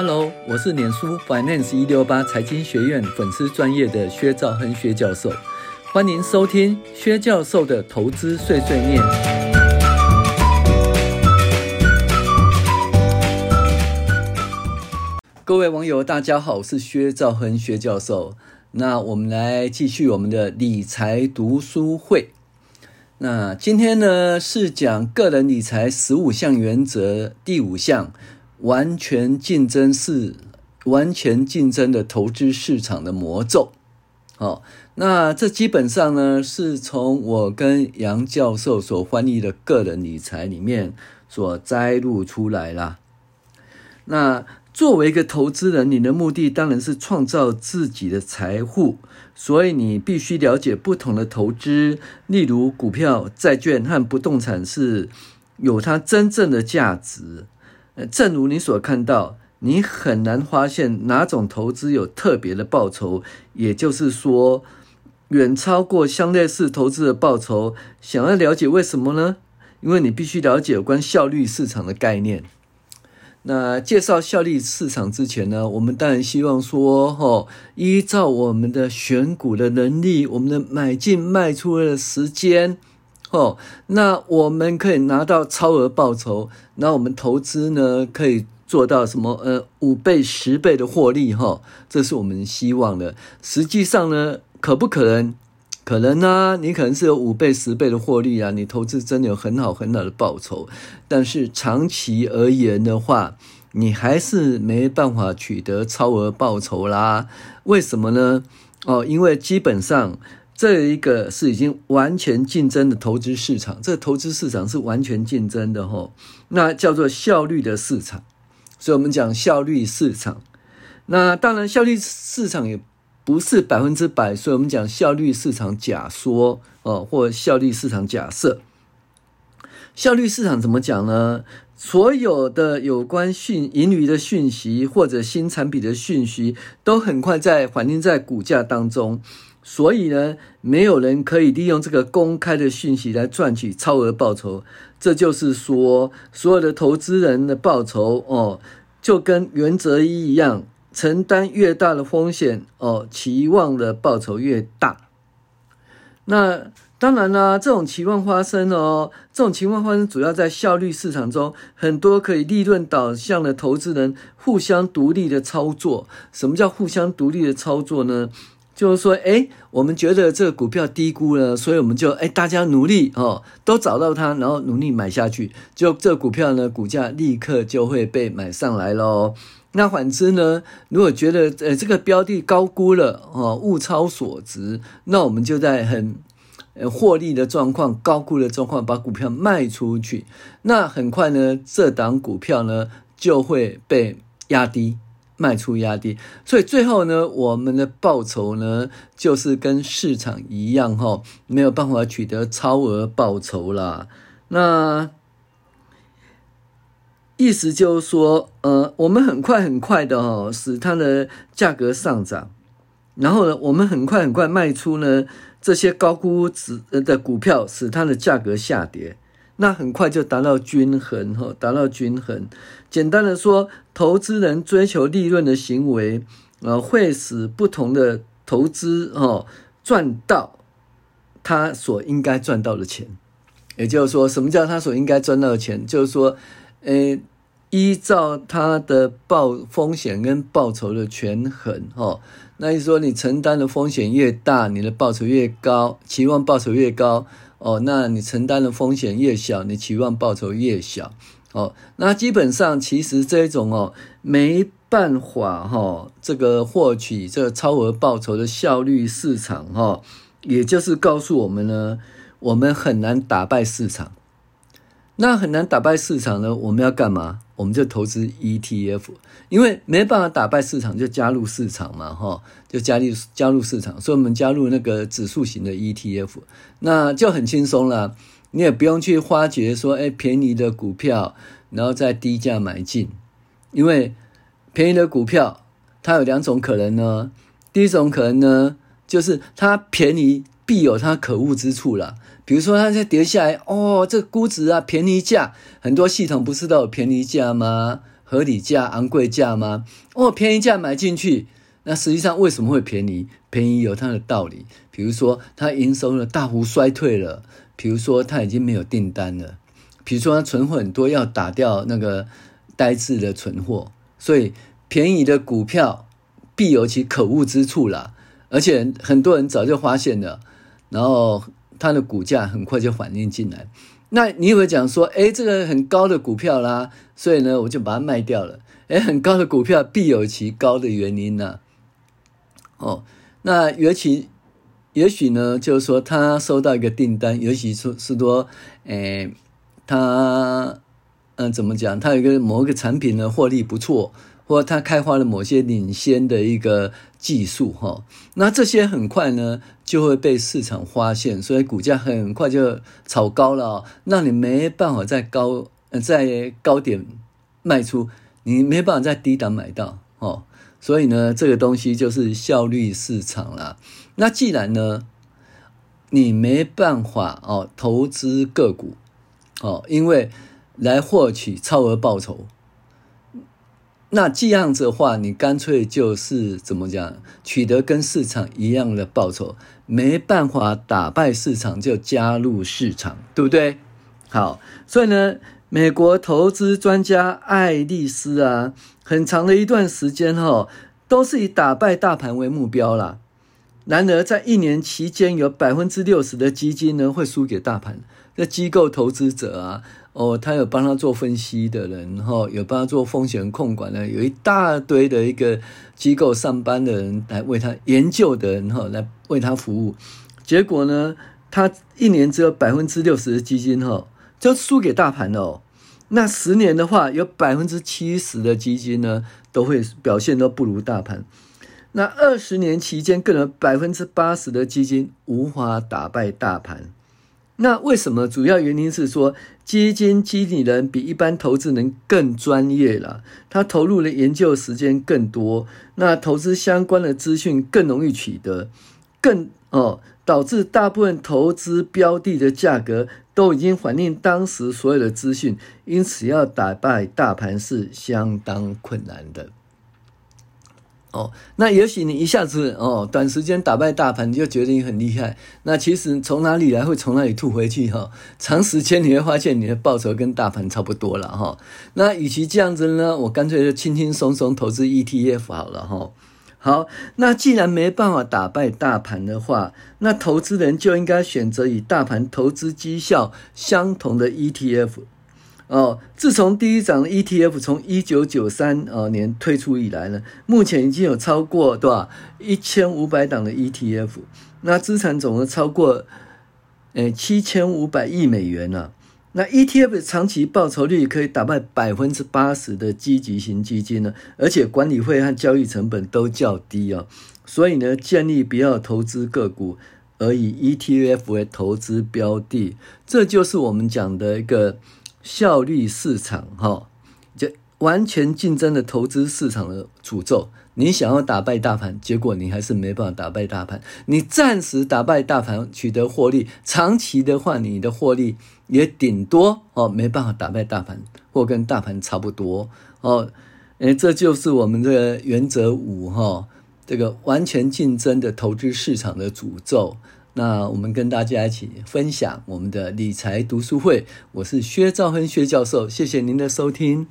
Hello，我是臉書 Finance 一六八財經學院粉絲專業的薛兆亨薛教授，歡迎收聽薛教授的投資碎碎念。各位網友，大家好，我是薛兆亨薛教授。那我們來繼續我們的理財讀書會。那今天呢是講個人理財十五項原則第五項。完全競爭是完全競爭的投資市場的魔咒。好、哦，那這基本上呢，是從我跟楊教授所翻譯的個人理財裡面所摘錄出來啦。那作為一個投資人，你的目的當然是創造自己的財富，所以你必須了解不同的投資，例如股票、債券和不動產是有它真正的價值。正如你所看到，你很難發現哪種投資有特別的報酬，也就是說，遠超過相類似投資的報酬。想要了解為什麼呢？因為你必須了解有關效率市場的概念。那介紹效率市場之前呢，我們當然希望說，哦，依照我們的選股的能力，我們的買進賣出的時間。哦，那我們可以拿到超額報酬，那我們投資呢，可以做到什麼？呃，五倍、十倍的獲利，齁、哦，這是我們希望的。實際上呢，可不可能？可能啊，你可能是有五倍、十倍的獲利啊，你投資真的有很好很好的報酬。但是長期而言的話，你還是沒辦法取得超額報酬啦。為什麼呢？哦，因為基本上。這一個是已經完全競爭的投資市場，這個、投資市場是完全競爭的哈、哦，那叫做效率的市場，所以我們講效率市場。那當然效率市場也不是百分之百，所以我們講效率市場假說哦、呃，或效率市場假設。效率市場怎麼講呢？所有的有關訊盈餘的訊息或者新產品的訊息，都很快在反映在股價當中。所以呢，沒有人可以利用這個公開的訊息來賺取超額報酬。這就是說，所有的投資人的報酬哦，就跟原則一一樣，承擔越大的風險哦，期望的報酬越大。那當然啦，這種期望發生哦，這種情況發生主要在效率市場中，很多可以利潤導向的投資人互相獨立的操作。什麼叫互相獨立的操作呢？就是說，誒我們覺得這個股票低估了，所以我們就誒大家努力哦，都找到它，然後努力買下去，就這股票呢，股價立刻就會被買上來嘍。那反之呢，如果覺得呃這個標的高估了哦，物超所值，那我們就在很呃獲利的狀況、高估的狀況把股票賣出去，那很快呢，這檔股票呢就會被壓低。賣出壓低，所以最後呢，我們的報酬呢，就是跟市場一樣哈、哦，沒有辦法取得超額報酬啦，那意思就是說，呃，我們很快很快的哦，使它的價格上漲，然後呢，我們很快很快賣出呢這些高估值的股票，使它的價格下跌。那很快就達到均衡，哈，達到均衡。簡單的說，投資人追求利潤的行為，呃，會使不同的投資，哦，賺到他所應該賺到的錢。也就是說，什麼叫他所應該賺到的錢？就是說，欸，依照他的報風險跟報酬的權衡，哈，那你說你承擔的風險越大，你的報酬越高，期望報酬越高。哦，那你承擔的風險越小，你期望報酬越小。哦，那基本上其實這種哦沒辦法哈、哦，這個獲取這個超額報酬的效率市場哈、哦，也就是告訴我們呢，我們很難打敗市場。那很難打敗市場呢？我們要幹嘛？我們就投資 ETF，因為沒辦法打敗市場，就加入市場嘛，哈，就加入加入市場。所以我們加入那個指數型的 ETF，那就很輕鬆啦。你也不用去發掘說，誒、欸、便宜的股票，然後再低價買進，因為便宜的股票它有兩種可能呢。第一種可能呢，就是它便宜。必有它可惡之處啦。比如說它在跌下來，哦，這估值啊便宜價，很多系統不是都有便宜價嗎？合理價、昂貴價嗎？哦，便宜價買進去，那實際上為什麼會便宜？便宜有它的道理，比如說它營收了大幅衰退了，比如說它已經沒有訂單了，比如說它存貨很多要打掉那個呆滯的存貨，所以便宜的股票必有其可惡之處啦。而且很多人早就發現了。然後它的股價很快就反映進來，那你會講說，哎，這個很高的股票啦，所以呢我就把它賣掉了。哎，很高的股票必有其高的原因吶、啊，哦，那尤其也許呢，就是說他收到一個訂單，也許是是說，哎，他嗯、呃、怎麼講，他有一個某一個產品的獲利不錯。或它開發了某些領先的一個技術哈，那這些很快呢就會被市場發現，所以股價很快就炒高了，那你沒辦法在高在高點賣出，你沒辦法在低檔買到哦，所以呢這個東西就是效率市場啦。那既然呢你沒辦法哦投資個股哦，因為來獲取超額報酬。那這樣子的話，你乾脆就是怎麼講，取得跟市場一樣的報酬，沒辦法打敗市場就加入市場，對不對？好，所以呢，美國投資專家艾利斯啊，很長的一段時間哈、哦，都是以打敗大盤為目標啦，然而，在一年期間有60，有百分之六十的基金呢會輸給大盤的，那機構投資者啊。哦，他有幫他做分析的人，哈、哦，有幫他做風險控管的，有一大堆的一個機構上班的人來為他研究的人，哈、哦，來為他服務。結果呢，他一年只有百分之六十的基金，哈、哦，就輸給大盤了、哦。那十年的話，有百分之七十的基金呢，都會表現都不如大盤。那二十年期間，更有百分之八十的基金無法打敗大盤。那為什麼？主要原因是說。基金經理人比一般投資人更專業了，他投入的研究時間更多，那投資相關的資訊更容易取得，更哦導致大部分投資標的的價格都已經反映當時所有的資訊，因此要打敗大盤是相當困難的。哦，那也許你一下子哦，短時間打敗大盤，你就覺得你很厲害。那其實從哪裡來，會從哪裡吐回去哈。長時間你會發現你的報酬跟大盤差不多了哈，哦。那與其這樣子呢，我乾脆就輕輕鬆鬆投資 ETF 好了哈，哦。好，那既然沒辦法打敗大盤的話，那投資人就應該選擇與大盤投資績效相同的 ETF。哦，自從第一檔的 ETF 從一九九三啊年推出以來呢，目前已經有超過多少一千五百檔的 ETF，那資產總額超過誒七千五百億美元了啊。那 ETF 長期報酬率可以打敗百分之八十的積極型基金呢，而且管理費和交易成本都較低啊。所以呢，建議不要投資個股，而以 ETF 為投資標的，這就是我們講的一個。效率市場，哈、哦，就完全競爭的投資市場的詛咒。你想要打敗大盤，結果你還是沒辦法打敗大盤。你暫時打敗大盤取得獲利，長期的話，你的獲利也頂多哦，沒辦法打敗大盤，或跟大盤差不多哦。誒，這就是我們的原則五，哈、哦，這個完全競爭的投資市場的詛咒。那我們跟大家一起分享我們的理財讀書會，我是薛兆亨薛教授，謝謝您的收聽。